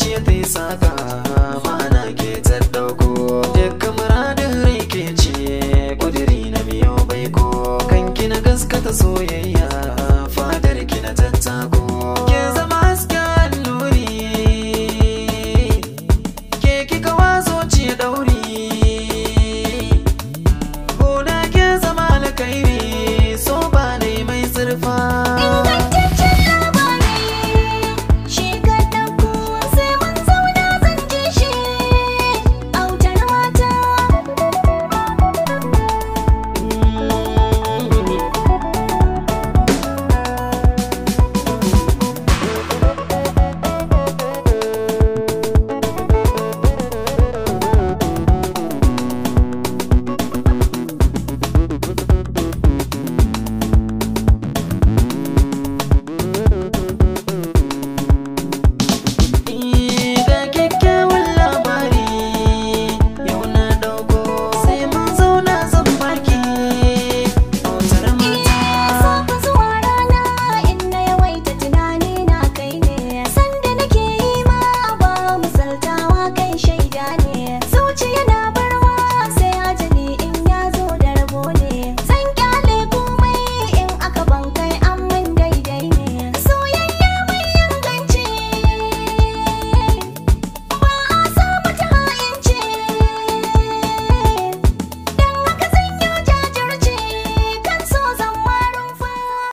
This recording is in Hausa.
zuciya ta yi saka ma'ana ke tsaddauko duk muradin rai ce kudiri na biyo baiko kanki na gaskata soyayya fadar ki na tattara